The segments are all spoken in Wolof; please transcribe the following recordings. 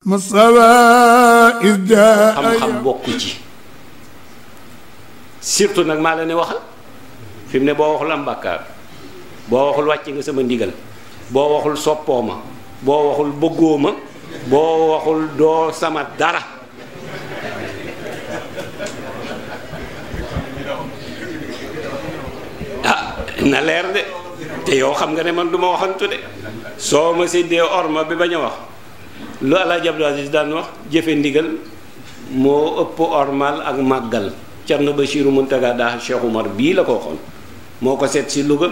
xam-xam bokku ci surtout nag maa la ne waxal fi mu ne boo waxul am bàkkaar boo waxul wàcce nga sama ndigal boo waxul soppoo ma boo waxul bëggoo ma boo waxul doo sama dara ah na leer de te yow xam nga ne man du ma waxantu de soo ma séddee orma bi bañ a wax lu Alaaji Abdou Aziz daan wax jëfe ndigal moo ëpp ormal ak màggal Cerno Bachiru Muntaga daa Cheikh mar bii la ko waxoon moo ko seet si Louga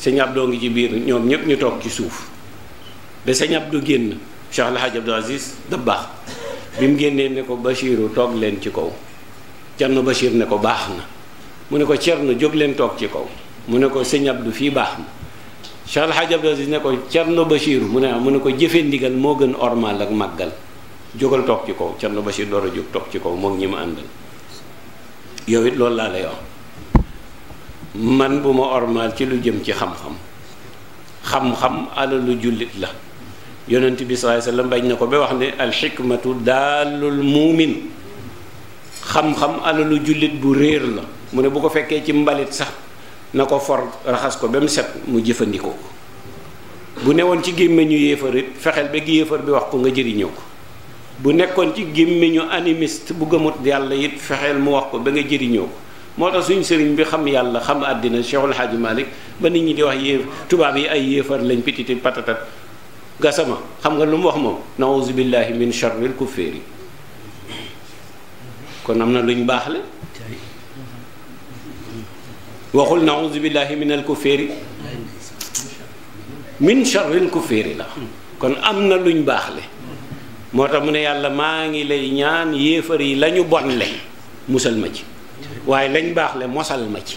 sëñ Abdou ngi ci biir ñoom ñëpp ñu toog ci suuf ba sëñ Abdou génn Cheikh Alaaji Abdou Aziz da baax bi mu génnee ne ko Bachiru toog leen ci kaw Cerno Bachir ne ko baax na mu ne ko Cerno jóg leen toog ci kaw mu ne ko sëñ Abdou fii baax na Cheikh El Hadj Abdou Aziz ne ko Thierno Bachir mu ne mu ne ko jëfe ndigal moo gën ormal ak màggal jógal toog ci kaw Thierno Bachir door a jóg toog ci kaw moom ñi ma àndal yow it loolu laa lay wax man bu ma ormal ci lu jëm ci xam-xam xam-xam alalu jullit la yonent bi sallallahu alayhi bañ na ko ba wax ne alxikmatu daalul muumin xam-xam alalu jullit bu réer la mu ne bu ko fekkee ci mbalit sax na ko for raxas ko ba mu set mu jëfandikoo ko bu newoon ci gémmiñu yéefar it fexeel ba yéefar bi wax ko nga jëriñoo ko bu nekkoon ci gémmiñu animiste bu gëmut yàlla it fexeel mu wax ko ba nga jëriñoo ko moo tax suñu sëriñ bi xam yàlla xam àddina Cheikhul Hadji Malick ba nit ñi di wax yéef tubaab yi ay yéefar lañ pititi patatat gasama xam nga lu mu wax moom naouzu billahi min charril kuféeri kon am na luñ baax le waxul naouzu billahi min al kuféeri min charril kuféeri la kon am na luñ baax le moo tax mu ne yàlla maa ngi lay ñaan yéefar yi lañu bon le musal ma ci waaye lañ baax le mosal ma ci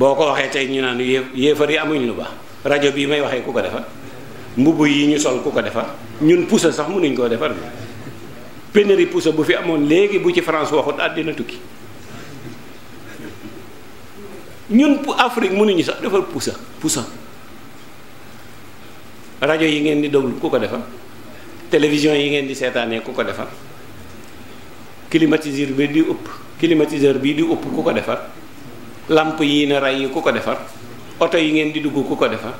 boo ko waxee tey ñu naan yéefar yi amuñ lu baax rajo bii may waxee ku ko defar mbubb yi ñu sol ku ko defar ñun pusa sax mënuñ koo defar bi pénurie puso bu fi amoon léegi bu ci France waxut àddina tukki ñun pour Afrique mënuñu sax defar pusa pusa rajo yi ngeen di déglu ku ko defar télévision yi ngeen di seetaanee ku ko defar climatiseur bi di ëpp climatiseur bi di ëpp ku ko defar lamp yi na ray yi ku ko defar oto yi ngeen di dugg ku ko defar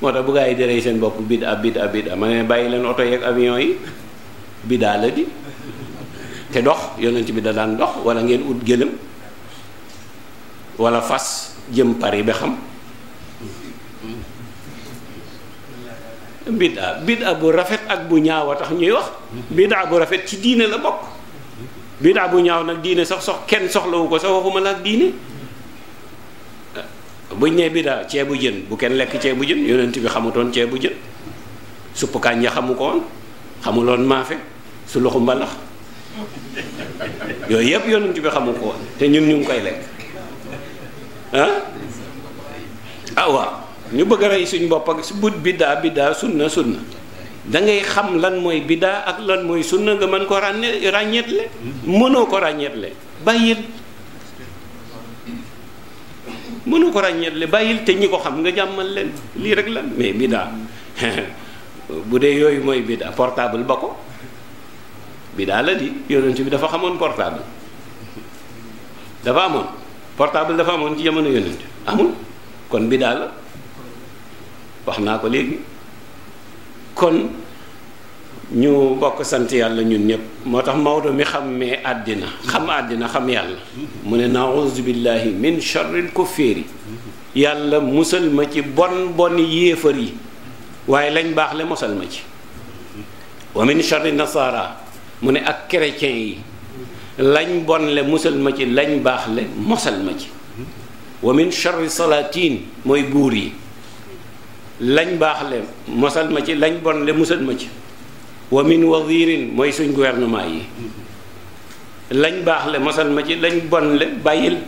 moo tax bu gaa yi di rey seen bopp bid a bid a bid a ma ne bàyyi leen oto yeeg avion yi bidaa la di te dox yonent bi da daan dox wala ngeen ut gëlëm wala fas jëm Paris ba xam bidaa bidaa bu rafet ak bu ñaaw a tax ñuy wax bidaa bu rafet ci diine la bokk bidaa bu ñaaw nag diine sax sox kenn soxlawu ko sax waxuma la ak diine buñ nee bidaa ceebu jën bu kenn lekk ceebu jën yonent bi xamutoon ceebu jën supp kànja xamu ko woon xamuloon maafe su loxo mbalax yooyu yëpp yonent bi xamu ko woon te ñun ñu ngi koy lekk ah waaw ñu bëgg a rey suñ bopp ak su but biddaa biddaa sunna sunna da ngay xam lan mooy biddaa ak lan mooy sunna nga man ko ràññe ràññeetle mënoo ko ràññeetle bàyyil mënoo ko ràññeetle bàyyil te ñi ko xam nga jàmmal leen lii rek la mais biddaa bu dee yooyu mooy biddaa portable ba ko bi daal la di yonent bi dafa xamoon portable dafa amoon portable dafa amoon ci jamono amul kon bi daal la wax naa ko léegi kon ñu bokk sant yàlla ñun ñëpp moo tax Maodo mi xammee àddina xam àddina xam yàlla mu ne naouzu billahi min charril kuféeri yàlla musal ma ci bon bon yéefar yi waaye lañ baax le mosal ma ci wa min charri nasara mu ne ak chrétien yi lañ bon le musal ma ci lañ baax le mosal ma ci wa min charri salaatin mooy buur yi lañ baax le mosal ma ci lañ bon le musal ma ci wa min wazirin mooy suñ gouvernement yi lañ baax le mosal ma ci lañ bon le bàyyil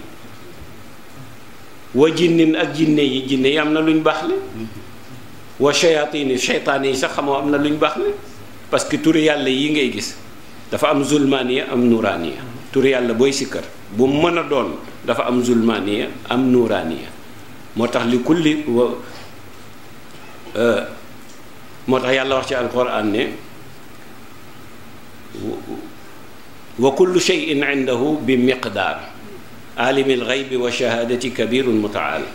wa jinnin ak jinne yi jinne yi am na luñ baax le wa shayatin yi seytaan yi sax xamoo am na luñ baax le parce que turi yàlla yi ngay gis dafa am zulmaaniya am nuraaniya tur yàlla booy sikkar bu mën a doon dafa am zulmaaniya am nuraaniya moo tax li kulli euh, moo tax yàlla wax ci alquran ne wa kullu shay'in indahu bi miqdaar aalimil xaybi wa shahaadati kabirun mutaal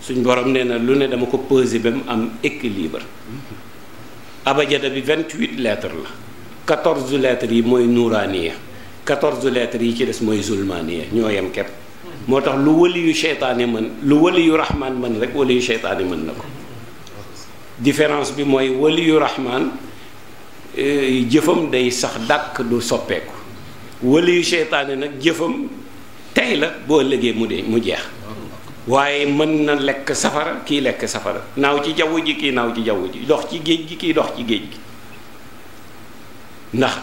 suñ borom nee na lu ne dama ko pose ba am équilibre abajada bi vingt-huit lettres la quatorze lettres yi mooy nuuraaniya quatorze lettres yi ci des mooy zulmaaniya ñoo yem kepp moo tax lu wali yu mën lu wali yu rahmaan mën rek wali yu seytaane mën na ko différence bi mooy wali yu rahmaan eh, jëfam day sax dàkk du soppeeku wali yu seytaane nag jëfam tey la boo ëllëgee mu dee mu jeex waaye mën na lekk safara kii lekk safara naaw ci jaww ji kii naaw ci jaww ji dox ci géej gi kii dox ci géej gi ndax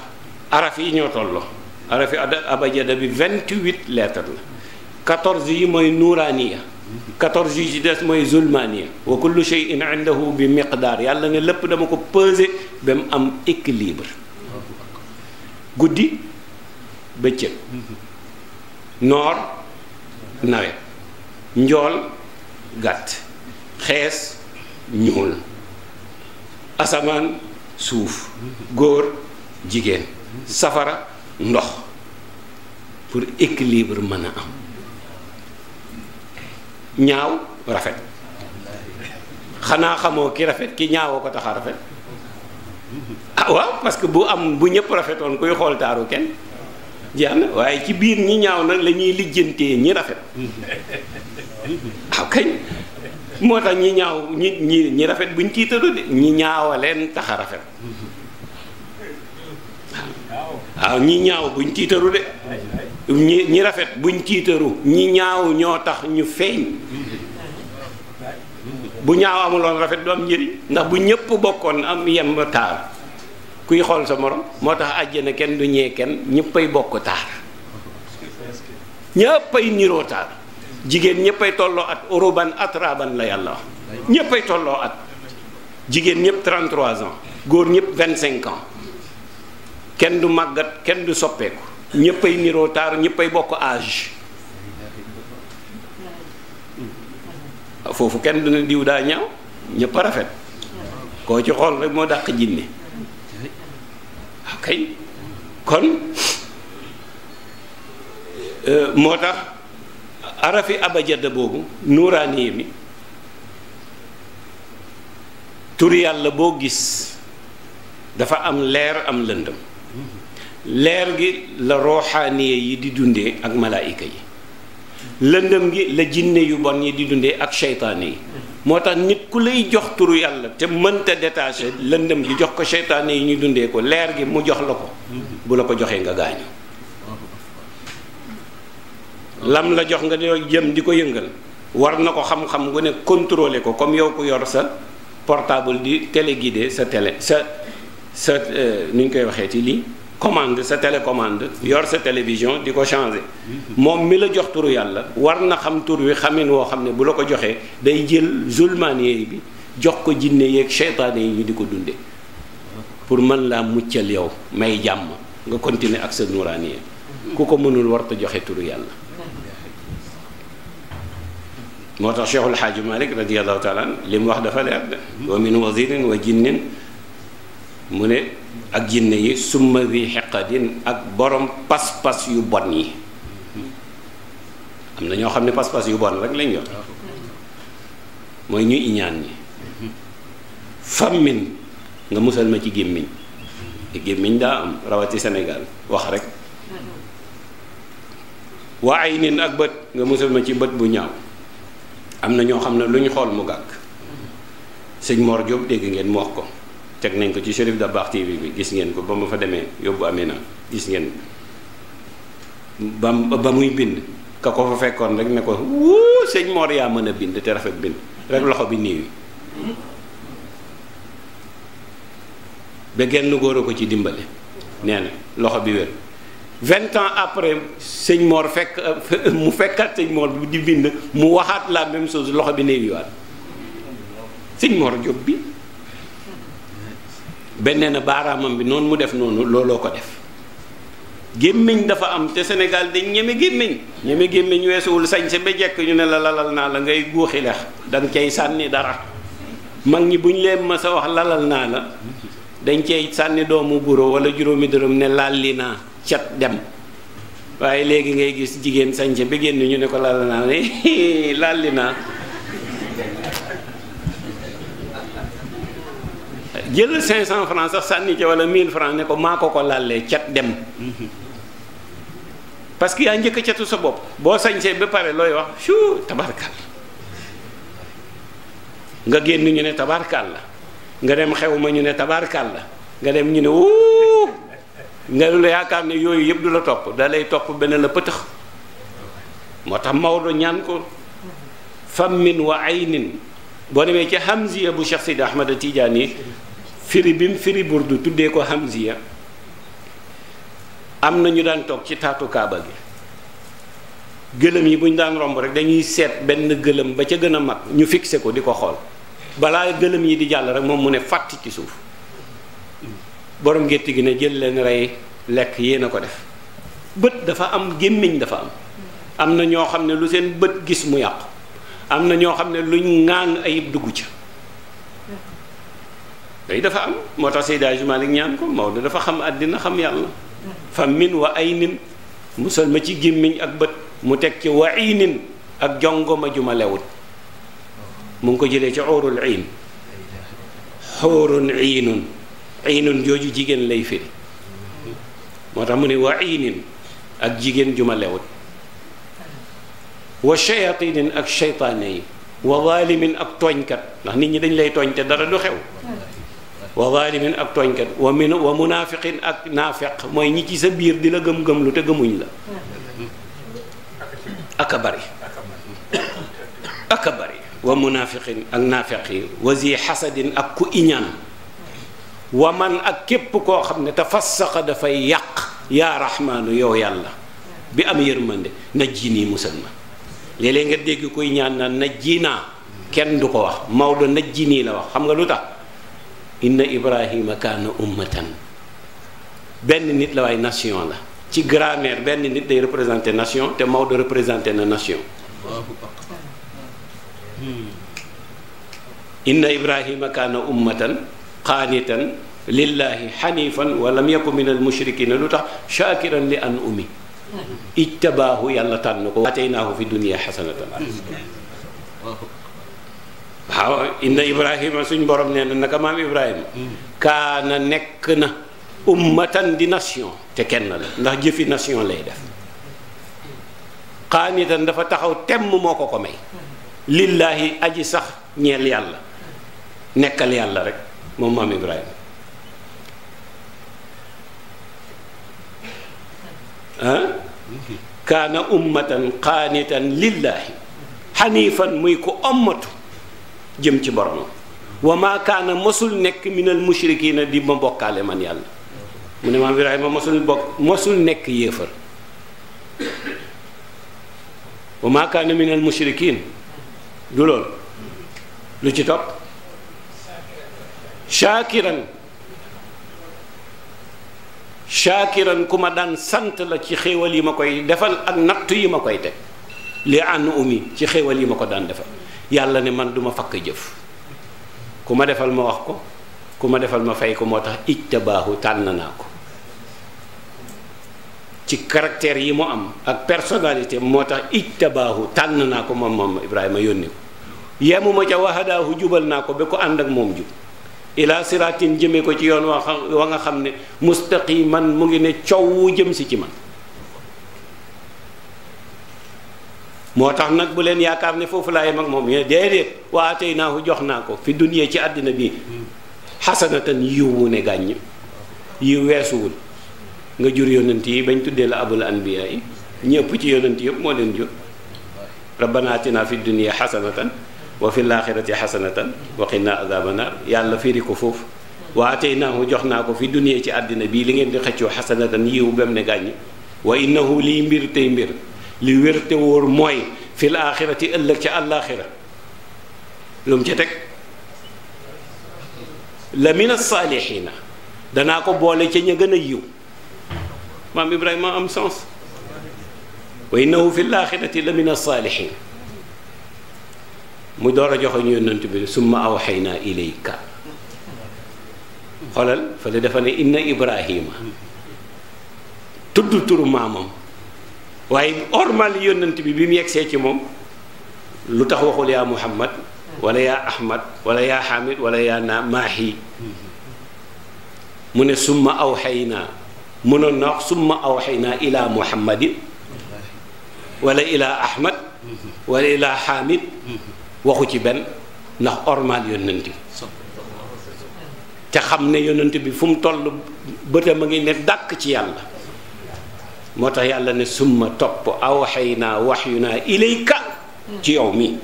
araf yi ñoo tolloo araf yi abajada bi 28 lettres la 14 yi mooy nuuraaniya 14 yi ci des mooy zulmaaniya wa kullu shay'in indahu bi miqdaar yàlla ne lépp dama ko peser ba mu am équilibre guddi bëccëg noor nawet njool gàtt xees ñuul asamaan suuf góor jigéen safara ndox pour équilibre mën a am ñaaw rafet xanaa xamoo ki rafet ki ñaawoo ko tax a rafet ah waaw parce que bu am bu ñëpp rafetoon kuy xooltaaru taaru kenn jeex na waaye ci biir ñi ñaaw nag la ñuy lijjantee ñi rafet waaw ah, kañ moo tax ñi ñaaw ñi ñi ñi rafet buñ tiitalu de ñi ñaawa leen tax a rafet ah ñi ñaaw buñ tiitaru de ñi ñi rafet buñ tiitaru ñi ñaaw ñoo tax ñu feeñ bu ñaaw amuloon rafet du am njëriñ ndax bu ñëpp bokkoon am yem taar kuy xool sa morom moo tax àjjana kenn du ñee kenn ñëppay bokk taar ñëppay niroo taar jigéen ñëppay tolloo at uruban atraban la yàlla wax ñëppay tolloo at jigéen ñëpp 33 ans góor ñëpp 25 ans kenn du màggat kenn du soppeeku ñëppay niroo taar ñëppay bokk âge hmm. foofu kenn du ne diw daa ñaw ñépp rafet koo ci xool rek moo dàq jinne ok kon euh, moo tax arafi abajada boobu nuuraaniye mi tur yàlla boo gis dafa am leer am lëndëm leer gi la rooxaaniye yi di dundee ak malaayika yi lëndëm gi la jinne yu bon yi di dundee ak seytaane yi moo tax nit ku lay jox turu yàlla te mënta détaché lëndëm gi jox ko seytaane yi ñu dundee ko leer gi mu jox la ko bu la ko joxee nga gaañu lam la jox nga di jëm di ko yëngal war na ko xam-xam gu ne contrôler ko comme yow ku yor sa portable di téléguidé sa télé sa sa euh, nu ñu koy waxee ci lii commande sa télécommande yor sa télévision di ko changé moom mi la jox turu yàlla war na xam tur wi xamin woo xam ne bu la ko joxee day jël zulmaaniye bi jox ko jinne yeeg seytaane yi ñu di ko dunde pour man laa muccal yow may jàmm nga continuer ak sa nuraaniye ku ko mënul warta joxe turu yàlla moo tax Cheikhul Xaaji Malik radiallahu taala an li wax dafa leer wa min wasirin wa jinnin mu ne ak jinne yi summa bi xeqadin ak borom pas-pas yu bon yi am na ñoo xam ne pas-pas yu bon rek lañ yor mooy ñu iñaan ñi fammin nga musal ma ci gémmiñ te gémmiñ daa am rawati senegal wax rek waa ay nin ak bët nga musal ma ci bët bu ñaaw am na ñoo xam ne lu ñu xool mu gàkk sëñ Mor Diop dégg ngeen mu wax ko teg nañ ko ci Cherif Dabakh TV bi gis ngeen ko ba ma fa demee yóbbu amee Amina gis ngeen ba ba muy bind ka ko fa fekkoon rek ne ko wuu sëñ moor yaa mën a bind te rafet bind rek loxo bi nii ba genn góor a ko ci dimbale nee na loxo bi wér vingt ans après sëñ Mor fekk mu fekkaat sëñ Mor di bind mu waxaat la même chose loxo bi néewiwaat sëñ Mor Jóob bi benn na baaraamam bi noonu mu def noonu looloo ko def gémmiñ dafa am te senegal dañ ñeme gémmiñ ñeme gémmiñ weesuwul sañse sa ba jekk ñu ne la lalal naa la ngay guuxi lex danga cay sànni dara mag ñi bu ñu leen ma sa wax lalal naa la dañ cay sànni doomu guro wala juróomi dërëm ne laal li naa cat dem waaye léegi ngay gis jigéen sañ sa ba génn ñu ne ko lalal naa la laal naa jël 500 francs sax sànni ca wala 1000 ne ko maako ko ko làllee cat dem parce que yaa njëkk catu sa bopp boo sañsee ba pare looy wax fuu tabarkal nga génn ñu ne tabarkal la nga dem xew ma ñu ne tabarkal la nga dem ñu ne wuu nga lu yaakaar ne yooyu yëpp du la topp da lay topp beneen la pëtëx moo tax Maodo ñaan ko fammin wa aynin boo demee ci ca hamziya bu Cheikh Sidi Ahmad tiijaan yi firi bi mu firi du tuddee ko hamziya am na ñu daan toog ci taatu kaaba gi gëlëm yi bu ñu daan romb rek dañuy seet benn gëlëm ba ca gën a mag ñu fixé ko di ko xool balaa gëlëm yi di jàll rek moom mu ne fàtti ci suuf borom gétt gi ne jël leen rey lekk yéen a ko def bët dafa am gémmiñ dafa am am na ñoo xam ne lu seen bët gis mu yàqu am na ñoo xam ne luñ ŋaan ayib dugg ca day dafa am moo tax Seydi Hadji Malick ñaan ko Maodo dafa xam àddina xam yàlla fa wa ay nin musal ma ci gémmiñ ak bët mu teg ci wa ay ak jongoma ju ma mu ko jëlee ci óorul iin xóorun iinun iinun jooju jigéen lay firi moo tax mu ne wa iinin ak jigéen ju ma lewut wa shayatinin ak shaytaane yi wa zaalimin ak tooñkat ndax nit ñi dañ lay tooñ te dara du xew wa zalimin ak tooñkat wa min wa munafiqin ak naafeq mooy ñi ci sa biir di la gëm-gëm lu te gëmuñ la aka bari aka bari wa munafiqin ak naafeq yi wa zi xasadin ak ku iñaan wa man ak képp koo xam ne tafassaqa dafay yàq yaa raxmaanu yow yàlla bi am yërmande na ji nii musal ma léeg nga dégg kuy ñaan na na kenn du ko wax Maodo na ji nii la wax xam nga lu tax inna ibrahima kaana ummatan benn nit la waaye nation la ci grammaire benn nit day représenté nation te Maodo représenté na nation hmm. inna ibrahima kaana ummatan qaanitan lillahi xanifan wa lam yaku min al lu tax shakiran li an umi hmm. ijtabaahu yàlla tànn ko waataynaahu fi dunia xasanatan hmm. waaw inna suñ borom nee na naka maam ibrahima kaana nekk na ummatan di nation te kenn la ndax jëfi nation lay def xaanitan dafa taxaw temm moo ko ko may lillaahi aji sax ñeel yàlla nekkal yàlla rek moom maam ibrahima ah kaana ummatan xaanitan lillaahi muy ko ommatu jëm ci borom wa maa kaana mosul nekk minal mushrikiina di ma bokkaale man yàlla mu ne maam Ibrahima mosul bokk mosul nekk yéefar wa maa kaana minal mushrikiin du lool lu ci topp shaakiran shaakiran ku ma daan sant la ci xéewal yi ma koy defal ak nattu yi ma koy teg li an umi ci xéewal yi ma ko daan defal yàlla ne man duma fakk jëf ku ma defal ma wax ko ku ma defal ma fay ko moo tax ijtabaahu tànn naa ko ci caractère yi mu am ak personnalité moo tax ijtabaahu tànn naa ko moom moom Ibrahima yónni ko yemuma ca wahadaahu jubal naa ko ba ko ànd ak moom jub ilaa siraatin jëme ko ci yoon wa nga xam ne mustaqiman mu ngi ne coow jëm si ci man moo tax nag bu leen yaakaar ne foofu laa yem moom ñu ne waa tey naawu jox naa ko fi dunya ci àddina bi xasanatan yiw wu ne gàññ yiw weesuwul nga jur yonent yi bañ tuddee la abul anbiya yi ñëpp ci yonent yëpp moo leen jur rabbana atina fi dunya xasanatan wa fi laaxirati xasanatan wa qina adaba naar yàlla firi ko foofu waa tey naa jox naa ko fi dunya ci àddina bii li ngeen di xëccoo xasanatan yiw bem ne gàññ wa innahu lii mbir tey mbir li wér te wóor mooy fil aaxirati ëllëg ci àllaaxira lu mu ci teg la mina saalixiina danaa ko boole ca ña gën a yiw maam Ibrahima am sens wa innahu fil aaxirati la mina saalixiin mu door a joxe ñu yonent bi summa awxaynaa ilayka xoolal fa la dafa ne inna Ibrahima tudd turu maamam. waaye ormal yónnant bi bi mu yegsee ci moom lu tax waxul yaa muhammad wala yaa ahmad wala yaa hamid maahi mu ne summa awxaynaa mënoon na wax summa awxaynaa ila muhammadin wala ila ahmad wala ila hamid waxu ci benn ndax ormal yónnant bi xam ne yónnant bi fu mu toll bëtam a ngi ne dàkk ci yàlla moo tax yàlla ne summa topp awxaynaa waxyunaa ilayka ci yow mii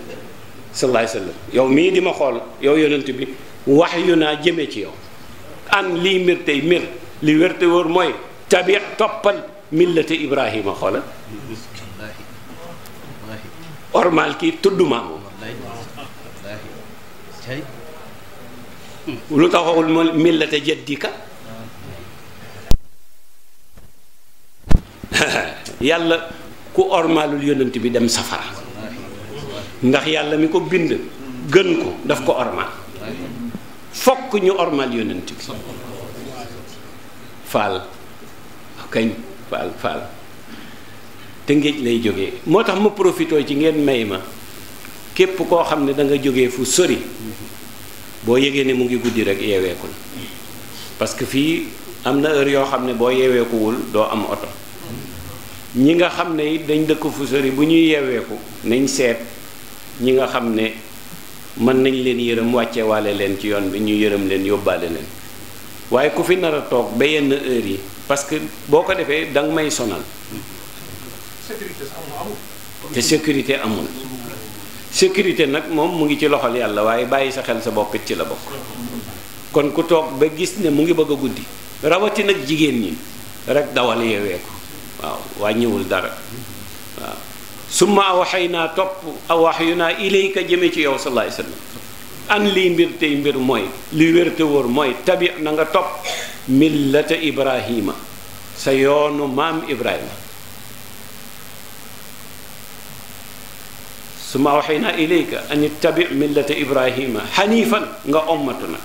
sallallahu alayhi wa sallam yow mii di ma xool yow yonent bi waxyunaa jëmee ci yow an lii mbir tey mbir li wér te wóor mooy tabi toppal millate ibrahima xoola ormal kii tudd maamu lu taxawul millate jaddika yàlla ku ormaalul yonent bi dem safara ndax yàlla mi ko bind gën ko daf ko ormaal fokk ñu ormaal yonent bi faal ah, kañ faal faal te ngéej lay jóge moo tax ma profitoo ci ngeen may ma képp koo xam ne da jóge fu sori boo yëgee ne mu ngi guddi rek yeeweekul parce que fii am na heure yoo xam ne boo yeeweekuwul doo am oto ñi nga xam ne it dañ dëkk fu sori bu ñuy yeweeku nañ seet ñi nga xam ne mën nañ leen yërëm wàccewaale leen ci yoon bi ñu yërëm leen yóbbaale leen waaye ku fi nar a toog ba yenn heure yi parce que boo ko defee danga may sonal te sécurité amul sécurité nag moom mu ngi ci loxol yàlla waaye bàyyi sa xel sa bopp ci la bokk kon ku toog ba gis ne mu ngi bëgg a guddi rawati nag jigéen ñi rek dawal yeewee waaw wàññiwul dara waaw summa awaxay naa topp awaxyu naa ilayka jëme ci yow sallallahu alayhi wasallam an lii mbir tey mbir mooy li wér te wóor mooy tabi na nga topp millata ibrahima sa yoonu maam ibrahima summa awaxay naa ilayka an ittabi millata ibrahima xaniifan nga ommatu na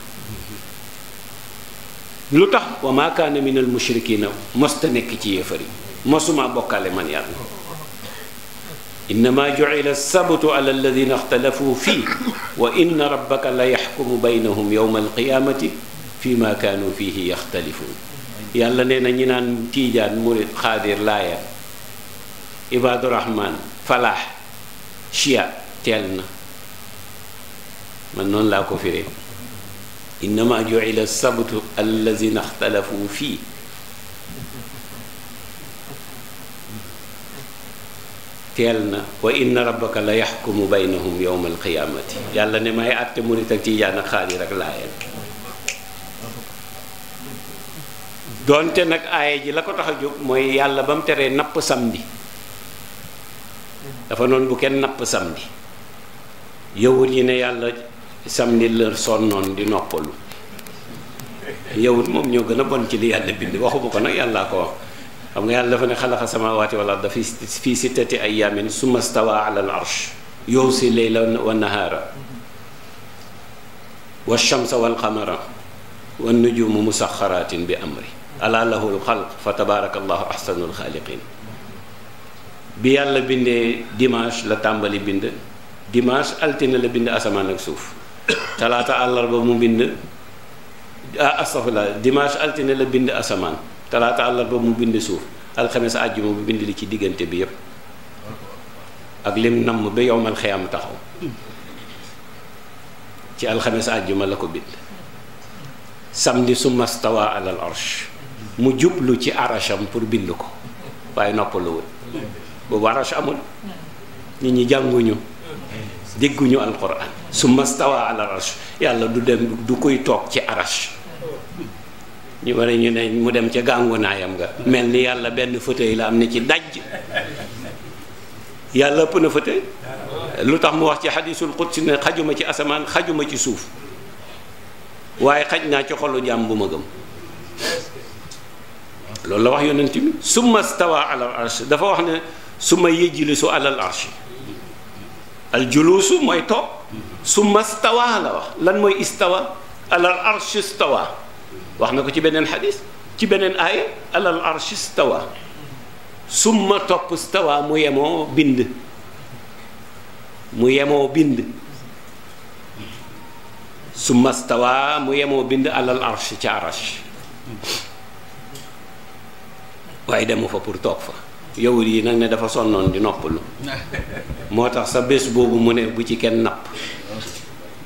lu tax wa maa kaana minal mushrikiina mosta nekk ci yéefar yi mosuma bokkaale man yàlla innama ju'ila sabtu ala alladina ixtalafu fii wa inna rabbaka la yaxkumu baynahum yowma alqiyaamati fi ma kaanu fihi yaxtalifuun yàlla nee na ñi naan tiijaan murit xaadir laayaan ibaadu rahmaan falaax chia teel na man noonu laa ko firee innama juila sabtu allazina ixtalafu fii teel na wa inna rabbaka la yaxkumu baynahum yowma alqiyaamati yàlla ne may àtte murit ak tiijaan ak xaadir ak laayeen doonte nag aaya ji la ko tax a jóg mooy yàlla ba mu teree napp samedi dafa noonu bu kenn napp samedi yowul yi ne yàlla samedi lër sonnoon di noppalu yowut moom ñoo gën a bon ci li yàlla bind waxuma ko nag yàllaa ko wax xam nga yàlla dafa ne xalaqa samaawaati wal arda fi fii sittati bi amri fa tabaaraka allahu ahsanul xaaliqiin bi yàlla bindee dimanche la tàmbali bind dimanche altine la bind asamaan ak suuf talaata àllarba mu bind ah astafurlah dimanche altine la bind asamaan talaata àllarba mu bind suuf alxames àjjuma mu bind li ci diggante bi yépp ak lim namm ba yowmal xiyaam taxaw ci alxames àjjuma la ko bind samdi summa stawa alal arsh mu jublu ci arasham pour bind ko waaye noppaluwul boobu arash amul nit ñi jànguñu dégguñu alquran su mastawa al arash yàlla du dem du koy toog ci arash ñu bare ñu ne mu dem ca gàngunaayam nga mel ni yàlla benn fauteuil la am ne ci daj yàlla ëpp na fauteuil lu tax mu wax ci xadiisul qudsi ne xajuma ci asamaan xajuma ci suuf waaye xaj naa ci xolu jaam bu ma gëm loolu la wax yonent bi summa stawa alal arsh dafa wax ne summa yejlisu alal arsh aljuluusu mooy toog summa stawa la wax lan mooy istawa alal arshi stawa wax na ko ci beneen xadis ci beneen aaya alal arshi stawa summa topp stawa mu yemoo bind mu yemoo bind summa stawa mu yemoo bind alal arshi ca arash waaye mu fa pour toog fa yowul yi nag ne dafa sonnoon di noppalu moo tax sa bés boobu mu ne bu ci kenn napp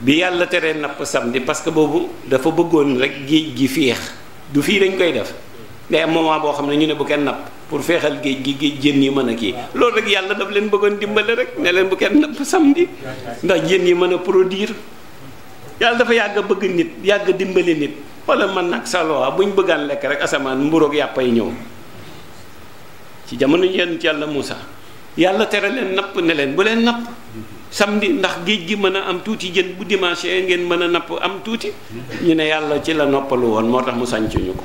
bi yàlla teree napp samedi parce que boobu dafa bëggoon rek géej gi féex du fii dañ koy def day am moment boo xam ne ñu ne bu kenn napp pour feexal géej gi géej jën yi mën a kii loolu rek yàlla daf leen bëggoon dimbale rek ne leen bu kenn napp samedi ndax jën yi mën a produire yàlla dafa yàgg bëgg nit yàgg a nit wala man nag salowa bu ñu bëggaan lekk rek asamaan mburoog yàppay ñëw ci jamono yenn ci yàlla Moussa yàlla tere leen napp ne leen bu leen napp samedi ndax géej gi mën a am tuuti jën bu dimanche ngeen mën a napp am tuuti ñu ne yàlla ci la noppalu woon moo tax mu sànc ko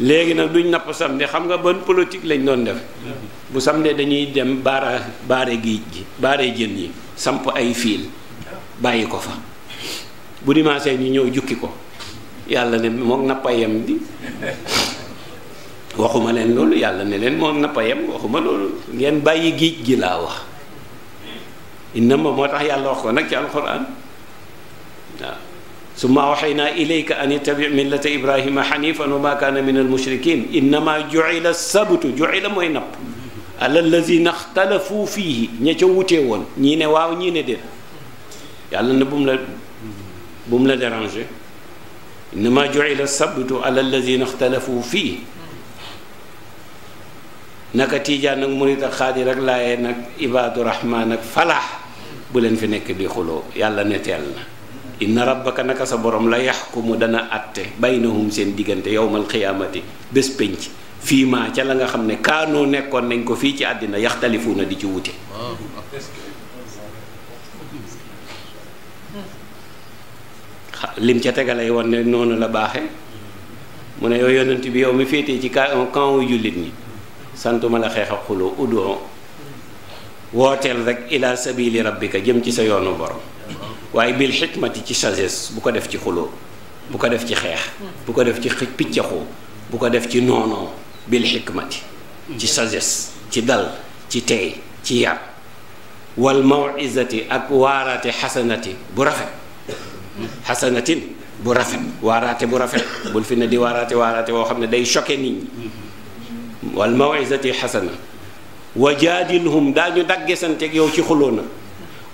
léegi nag duñ napp samedi xam nga ban politique lañ doon def bu samedi dañuy dem baara baare géej gi baare jën yi samp ay fiil bàyyi ko fa bu dimanche ñu ñëw jukki ko yàlla ne mook nappayam di waxuma leen loolu yàlla ne leen moom nappa yem ma loolu ngeen bàyyi gii gi laa wax innama moo tax yàlla wax ko nag ci alquran waaw summa awxaynaa ilayka an ittabi millata ibrahima xanifan wa ma kaana min almushrikin innama jucila sabtu jucila mooy napp ala allazina ixtalafu fiihi ña ca wutee woon ñii ne waaw ñii ne déet yàlla na bu mu la bu la déranger innama jucila sabtu naka tiijaan ak murit ak xaadir ak laayee nag ibaadu rahmaan ak falaax bu leen fi nekk di xuloo yàlla ne teel na inna rabbaka naka sa borom la yaxkumu dana àtte baynahum seen diggante yowmal xiyaamati bés pénc fii maa ca la nga xam ne kaanoo nekkoon nañ ko fii ci àddina yaxtalifuuna di ci wute lim ca tegalay woon noonu la baaxe mu ne yow yonent bi yow mi féetee ci ka kaw jullit ñi santuma la xeex ak xuloo uddoo wooteel rek ila sabili rabbika jëm ci sa yoonu borom waaye bil xikmati ci sagesse bu ko def ci xuloo bu ko def ci xeex bu ko def ci piccaxoo bu ko def ci noonoo bil xikmati ci sagesse ci dal ci tey ci yar wal mawizati ak waaraate xasanati bu rafet xasanatin bu rafet waaraate bu rafet bul fi ne di waaraate waaraate woo xam ne day choqué nit ñi wal mawizati xasana wa jaadilhum daañu daggesanteeg yow ci xuloo na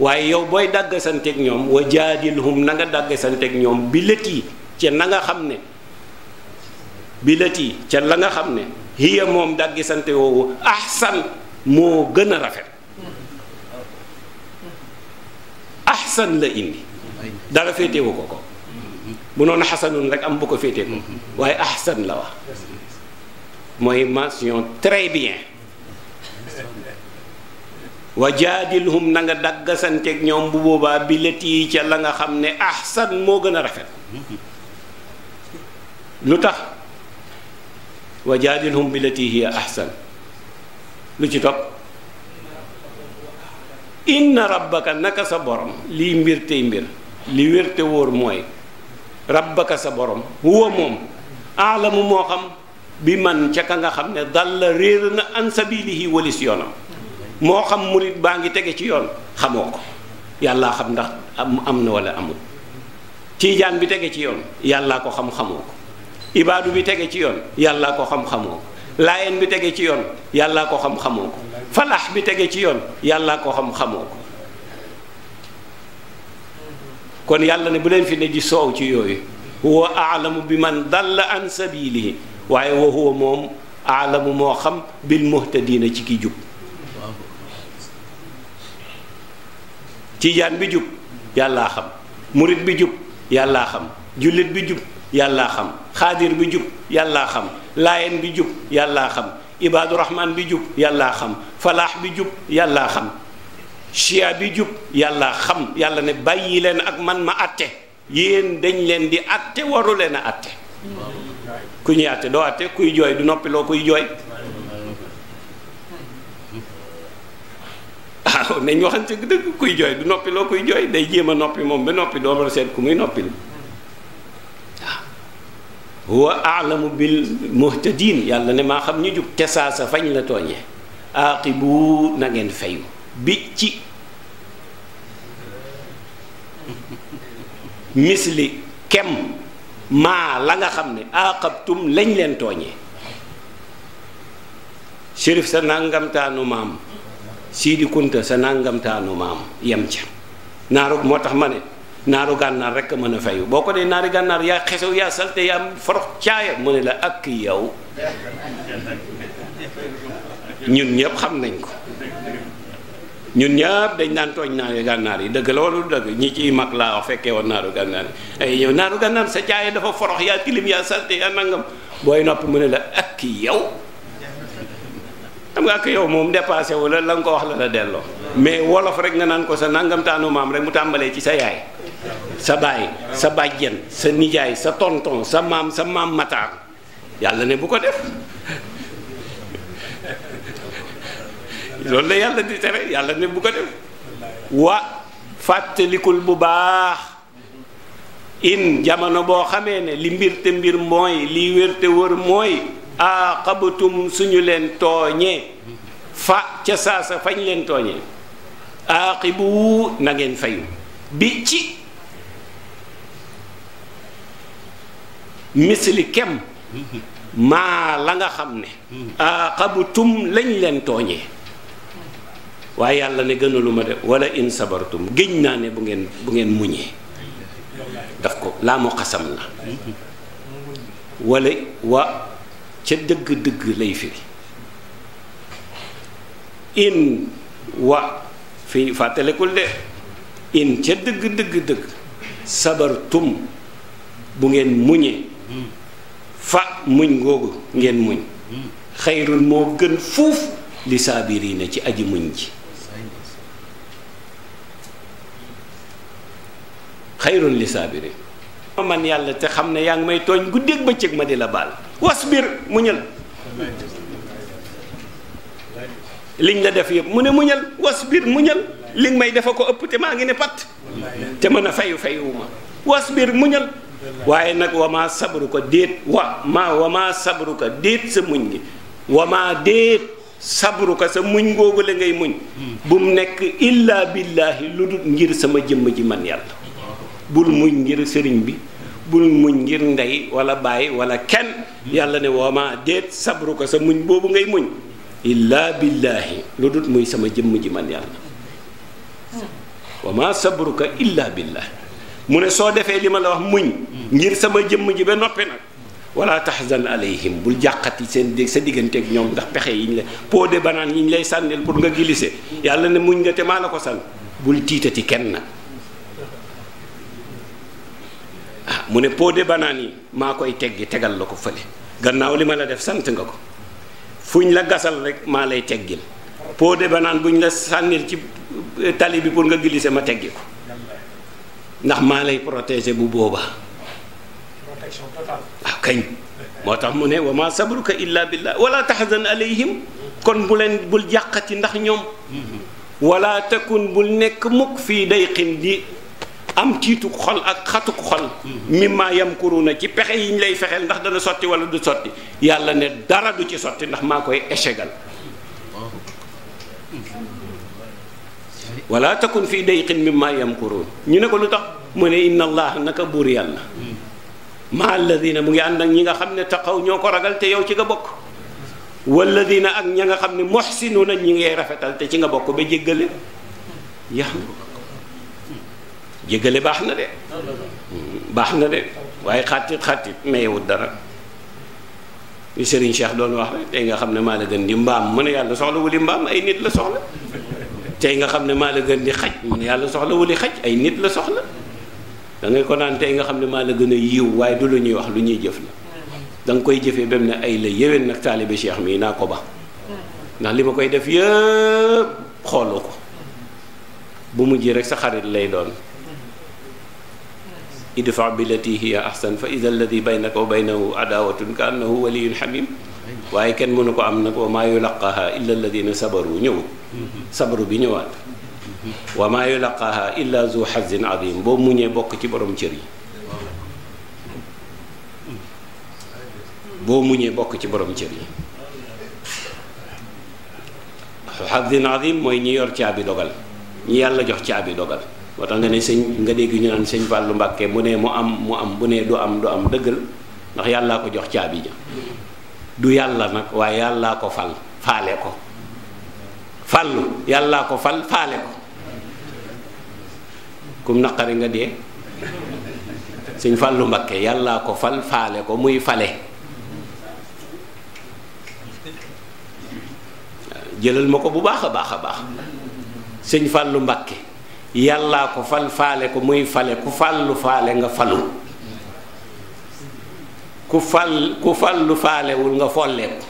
waaye yow booy daggesanteeg ñoom wa jaadilhum nanga nga daggesanteeg ñoom bi lëtii ca na xam ne bi lëtii ca la xam ne hiya moom daggesante woowu ahsan moo gën a rafet ahsan la indi dara féetewu ko ko bu noonu xasanun rek am bu ko féetee ko waaye ahsan la wax mooy mention très bien wajaadilhum na nga daggasanteeg ñoom bu boobaa bi ca la nga xam ne ahsan moo gën a rafet lu tax wajaadilhum bi lati hiya ahsan lu ci topp inna rabbaka naka sa borom lii mbir tey mbir li wér te wóor mooy rabbaka sa borom huwa moom aalamu moo xam bi man ca ka nga xam ne dal la réer na an sabilihi walis yoonam moo xam murit baa ngi tege ci yoon xamoo ko yàllaa xam ndax am na wala amul tiijaan bi tege ci yoon yàllaa ko xam xamoo bi tege ci yoon yàllaa ko xam ko laayeen bi tege ci yoon yàllaa ko xam xamoo ko falax bi tege ci yoon yàllaa ko xam xamoo ko kon yàlla ne bu leen fi ne di soow ci yooyu wa aalamu bi man dalla an sabilihi waaye wa moom aalamu moo xam bil muhtadina ci ki jub tiijaan bi jub yàllaa xam murit bi jub yàllaa xam jullit bi jub yàllaa xam xaadir bi jub yàllaa xam laayeen bi jub yàllaa xam ibaadu bi jub yàllaa xam falaax bi jub yàllaa xam chia bi jub yàllaa xam yàlla ne bàyyi leen ak man ma àtte yéen dañ leen di àtte waru leen a àtte ku ñuy àtte doo àtte kuy jooy du noppiloo kuy jooy nañ waxante dëgg kuy jooy du noppiloo kuy jooy day jéema a noppi moom ba noppi doo seet ku muy noppil huwa aalamu bil muhtadin yàlla ne maa xam ñu jub te saa sa fañ la tooñee aaqibu na ngeen fayu bi ci misli kem maa la nga xam ne aqabtum lañ leen tooñee shérif sa nàngamtaanu maam Sidi Kunta sa nàngamtaanu maam yem ca naaru moo tax ma ne naaru gànnaar rekk mën a fayu boo ko dee naari gànnaar yaa xesew yaa salte yaa forox caaya mu ne la ak yow ñun ñëpp xam nañ ko ñun ñëpp dañ naan tooñ naaru gànnaar yi dëgg la wala dëgg ñi ciy mag laa wax fekkee woon naaru gànnaar yi ay yow naaru gànnaar sa caaya dafa forox yaa tilim yaa salte yaa nangam booy nopp mu ne la ak yow xam nga ak yow moom dépassé wu la ko wax la la delloo mais wolof rek nga naan ko sa nangam taanu maam rek mu tàmbalee ci sa yaay sa baay sa bàjjen sa nijaay sa tonton sa maam sa maam mataar yàlla ne bu ko def loolu la yàlla di tere yàlla ne bu ko def wa fàttalikul bu baax in jamono boo xamee ne li mbir te mbir mooy li wér te wër mooy aqabatum suñu leen tooñee fa ca saasa fañ leen tooñee aqibu na ngeen fayu bi ci misli kem mm-hmm. maa la nga xam ne mm-hmm. aqabatum lañ leen tooñee waaye yàlla ne gënaluma de wala in sabartum géñ naa ne bu ngeen bu ngeen muñee daf ko laa mu xasam la wala wa ca dëgg-dëgg lay firi in wa fii fàttalekul de in ca dëgg dëgg dëgg sabartum bu ngeen muñee fa muñ googu ngeen muñ xayrul moo gën fuuf li saabiriina ci aji muñ ji xayrun li saabiri man yàlla te xam ne yaa ngi may tooñ guddeeg bëccëg ma di la baal wasbir muñal liñ la def yëpp mu ne muñal wasbir muñal li may defa ko ëpp te maa ngi ne pat te mën a fayu fayuwuma wasbir muñal waaye nag wamaa sabru ko déet wa ma wamaa sabru ko déet sa muñ gi wamaa déet sabru ko sa muñ googu la ngay muñ hmm. bu mu nekk illaa billaahi lu dul ngir sama jëmm ji man yàlla bul muñ ngir sëriñ bi bul muñ ngir ndey wala bàyyi wala kenn yàlla ne woomaa déet sabru ko sa muñ boobu ngay muñ illaa billaahi lu dut muy sama jëmm ji man yàlla wama sabruka illa billah mu ne soo defee li ma la wax muñ ngir sama jëmm ji ba noppi nag wala tahzan alayhim bul jàqati seen sa diggante digganteeg ñoom ndax pexe yi ñu la pot de banaan yi ñu lay sànnil pour nga glissé yàlla ne muñ nga te maa la ko san bul tiitati kenn nag mu ne pot de yi maa koy teggi tegal la ko fële gannaaw li ma la def sant nga ko fuñ la gasal rek maa lay teggil pot de banane buñ la sànnil ci euh, tali bi pour nga glisser ma teggi ko ndax maa lay protéger bu booba protection moo tax mu ne wa ma sabruka illa billah wala tahzan alayhim kon bu leen bul jàqati ndax ñoom mm-hmm. wala takun bul nekk mukk fii dayqin di am tiitu xol ak xatuk xol mm-hmm. mimma yamkuruna ci pexe yi ñu lay fexeel ndax dana sotti wala du sotti yàlla ne dara du ci sotti ndax maa koy échegal wala takun fii day dayqin mimma yamkurun ñu ne ko lu tax mu ne inna allah naka buur yàlla mm-hmm. ma alladina mu ngi ànd ak ñi nga xam ne taxaw ñoo ko ragal te yow ci nga bokk walladina ak ña nga xam ne muhsinuna ñi ngay rafetal te ci nga bokk ba jéggale yaa jégale baax na de baax na de waaye xàttit xàttit mayewut dara li Serigne Cheikh doon wax rek tey nga xam ne maa la gën di mbaam mu yàlla soxla wuli mbaam ay nit la soxla tey nga xam ne maa la gën di xaj mu ne yàlla soxla wuli xaj ay nit la soxla da ko naan tey nga xam ne maa la gën a yiw waaye du lu ñuy wax lu ñuy jëf la da koy jëfee ba ne ay la yéwén nag taalibe Cheikh mii naa ko ba ndax li ma koy def yëpp xooloo ko bu mujjee rek sa xarit lay doon idfa billati hiya ahsan fa ida alladi baynaka wa baynahu adawatun ka annahu waliyun xamim waaye kenn mënu ko am nag wa maa yulaqaha illa alladina sabaru ñëwul sabru bi ñëwaat wa maa yulaqaha illa zu xazin azim boo muñee bokk ci borom cër yi boo muñee bokk ci borom cër yi xazin azim mooy ñi yor caabi dogal ñi yàlla jox caabi dogal boo tax nga ne sëñ nga dégg ñu naan sëñ Fallou Mbàkke mu ne mu am mu am bu ne du am du am dëggal ndax yàllaa ko jox caabi ja du yàlla nag waaye yàllaa ko fal faale ko fallu yàllaa ko fal faale ko kum naqari nga dee sëñ Fallou Mbàkke yàllaa ko fal faale ko muy fale jëlal ma ko bu baax a baax a baax sëñ Fallou mbakke yàllaa ko fal ko muy fale ku fàllu faale nga falu ku fal ku fàllu faalewul nga folleeku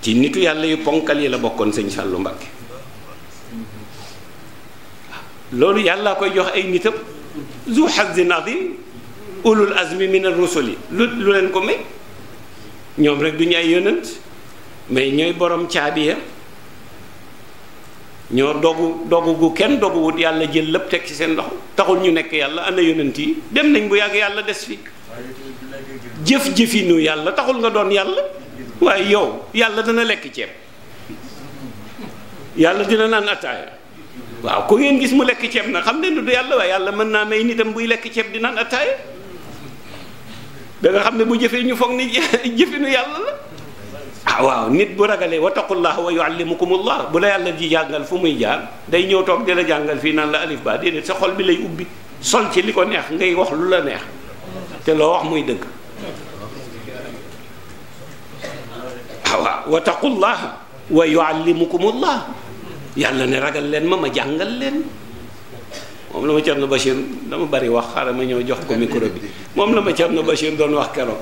ci nitu yàlla yu ponkal yi la bokkoon sañ Sàllu Mbàkke loolu yàllaa koy jox ay nitam zu hazin azim ulul azmi min ar-rusuli lu lu leen ko may ñoom rek du ñu ay yonent mais ñooy borom caabi ya ñoo dogu dogu gu kenn doguwut yàlla jël lépp teg ci seen loxo taxul ñu nekk yàlla ana yonent yi dem nañ bu yàgg yàlla des fi jëf jëfinu yàlla taxul nga doon yàlla waaye yow yàlla dana lekk ceeb yàlla dina naan ataaya waaw ku ngeen gis mu lekk ceeb na xam ne du yàlla waaye yàlla mën naa may nitam buy lekk ceeb di naan ataaya da nga xam ne bu jëfee ñu foog ni jëfinu yàlla la ah waaw nit bu ragalee wa taqullah wa yuallimukumullah bu la yàlla ji jàngal fu muy jaan day ñëw toog di la jàngal fii naan la alif ba déedéet sa xol bi lay ubbi sol ci li ko neex ngay wax lu la neex te loo wax muy dëgg ah waaw wa taqullah wa yuallimukumullah yàlla ne ragal leen ma ma jàngal leen moom la ma Thierno Bachir dama bari wax xaaral ma ñëw jox ko micro bi moom la ma Thierno Bachir doon wax keroog.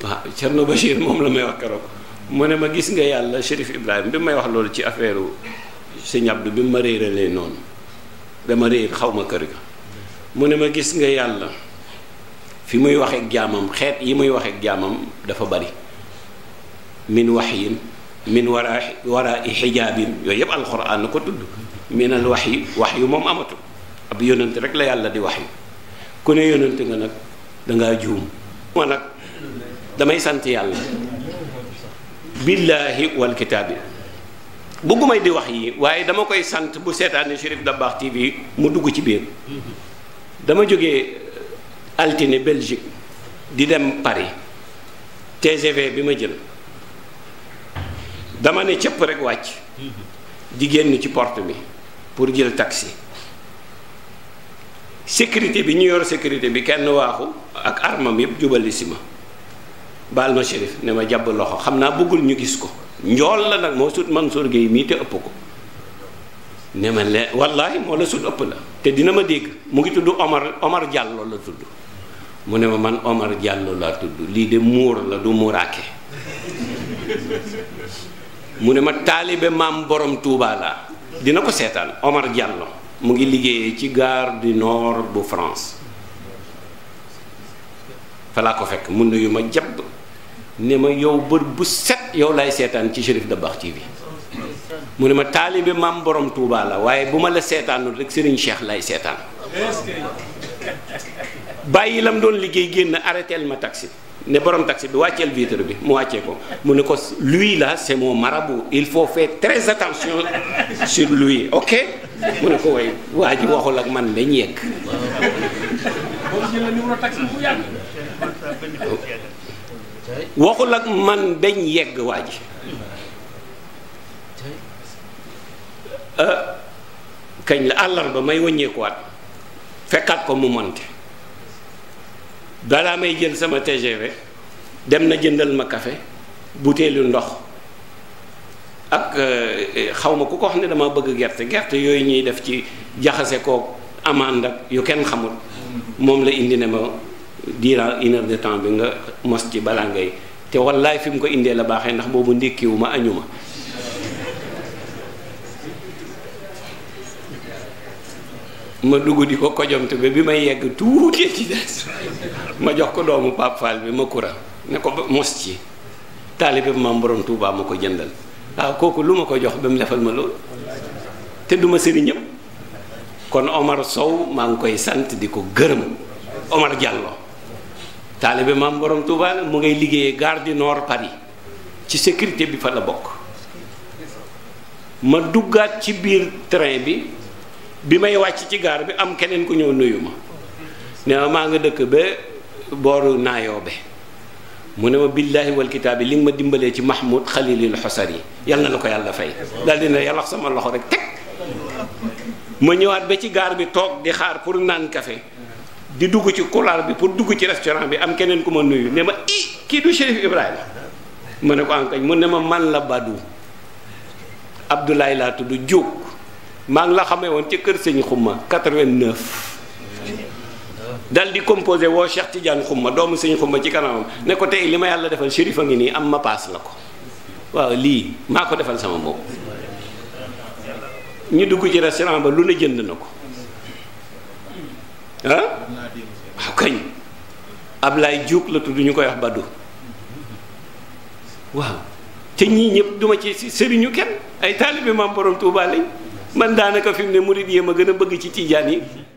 waaw Thierno Bachir moom la may wax keroog mu ne ma gis nga yàlla Chérif Ibrahima bi may wax loolu ci affaire sëñ Abdou bi mu ma réeralee noonu dama réer xaw ma kër gi mu ne ma gis nga yàlla fi muy waxee ak jaamam xeet yi muy waxee ak jaamam dafa bari min waxyin min waraa waraa i xijaabin yooyu yëpp alxuraan na ko tudd wax minal wax waxyu moom amatul ab yonent rek la yàlla di waxyu ku ne yonent nga nag dangaa juum ma nag damay sant yàlla billaahi wal kitaabi bëggumay di wax yi waaye dama koy sant bu seetaani Chérif Dabakh TV mu dugg ci biir dama jógee euh, altine Belgique di dem Paris TGV bi ma jël dama ne cëpp rek wàcc di génn ci porte bi pour jël taxi sécurité bi ñu yor sécurité bi kenn waaxu ak armam yëpp jubali si ma baal ma shérif ne ma jàpp loxo xam naa bëggul ñu gis ko njool la nag moo sut Mansour Guèye mii te ëpp ko ne ma le wallaahi moo la sut ëpp la te dina ma dégg mu ngi tudd Omar Omar Diallo la tudd ne ma man Omar Diallo lii de muur la du muuraake mu ne ma taalibe maam borom Touba dina ko seetaan Omar Diallo mu ngi liggéeyee ci gare du nord bu France falaa ko fekk mun na yu ma jàpp ne ma yow bër bu set yow lay seetaan ci Chérif Dabakh TV mu ne ma taalibe maam borom Touba la waaye bu ma la seetaanul rek Serigne Cheikh lay seetaan bàyyi lam doon liggéey génn arrêtel ma taxi ne borom taxi bi wàcceel vitre bi mu wàccee ko mu ne ko lui là c'est mon marabout il faut faire très attention sur lui ok mu ne ko way waa waxul ak man lañ yegg waxul ak man dañ yegg waa ji euh, kañ la àllarba may wëññeekuwaat fekkaat ko mu monte balaa may jël sama TGV dem na jëndal ma café butéelu ndox ak euh, xaw ma ku ko xam ne dama bëgg gerte gerte yooyu ñuy def ci jaxase koo amande ak yu kenn xamul moom la indi ne ma diira une heure de temps bi nga mos ci balaa ngay te wallaay fi mu ko indee la baaxee ndax boobu ndékkiwu ma añu ma ma dugg di ko kojomte ba bi may yegg tuuti ci des ma jox ko doomu Pape bi ma kura ne ko mos ci taalibe bi maam borom Touba ma ko jëndal waaw ah, kooku lu ma ko jox ba mu defal ma loolu te duma sëriñam kon Omar Sow maa ngi koy sant di ko gërëm Omar Diallo taalibe maam borom Touba la mu ngay liggéeyee gare di noor Paris ci sécurité bi fa la bokk ma duggaat ci biir train bi bi may wàcc ci gaar bi am keneen ku ñëw nuyu ma ne maa nga dëkk ba booru naayoobe mu ne ma billaahi wal kitaab yi li nga ma dimbalee ci Mahmoud Khalilil Xosari yal na la ko yàlla fay daal dina yàlla sama loxo rek teg ma ñëwaat ba ci gaar bi toog di xaar pour naan kafe di dugg ci couloir bi pour dugg ci restaurant bi am keneen ku ma nuyu ne ma i kii du Chérif Ibrahima ma ne ko ankañ ah, mu ne ma man la Badou Abdoulaye laa tudd Diop maa ngi la xamee woon ci kër sëñ Xumma 89 dal di composé woo Cheikh Tidiane Xumma doomu sëñ Xumma ci kanamam ne ko tey li ma yàlla defal Chérif a ngi nii am ma paas la ko waaw lii maa ko defal sama bopp ñu dugg ci restaurant ba lu ne jënd na ko. ah waaw kañ Ablaye Diop la tudd ñu koy wax Badou waaw te ñii ñëpp duma ci sëriñu kenn ay taalibe maam borom Touba man daanaka fi mu ne murid yéem a gën a bëgg ci tiijaan yi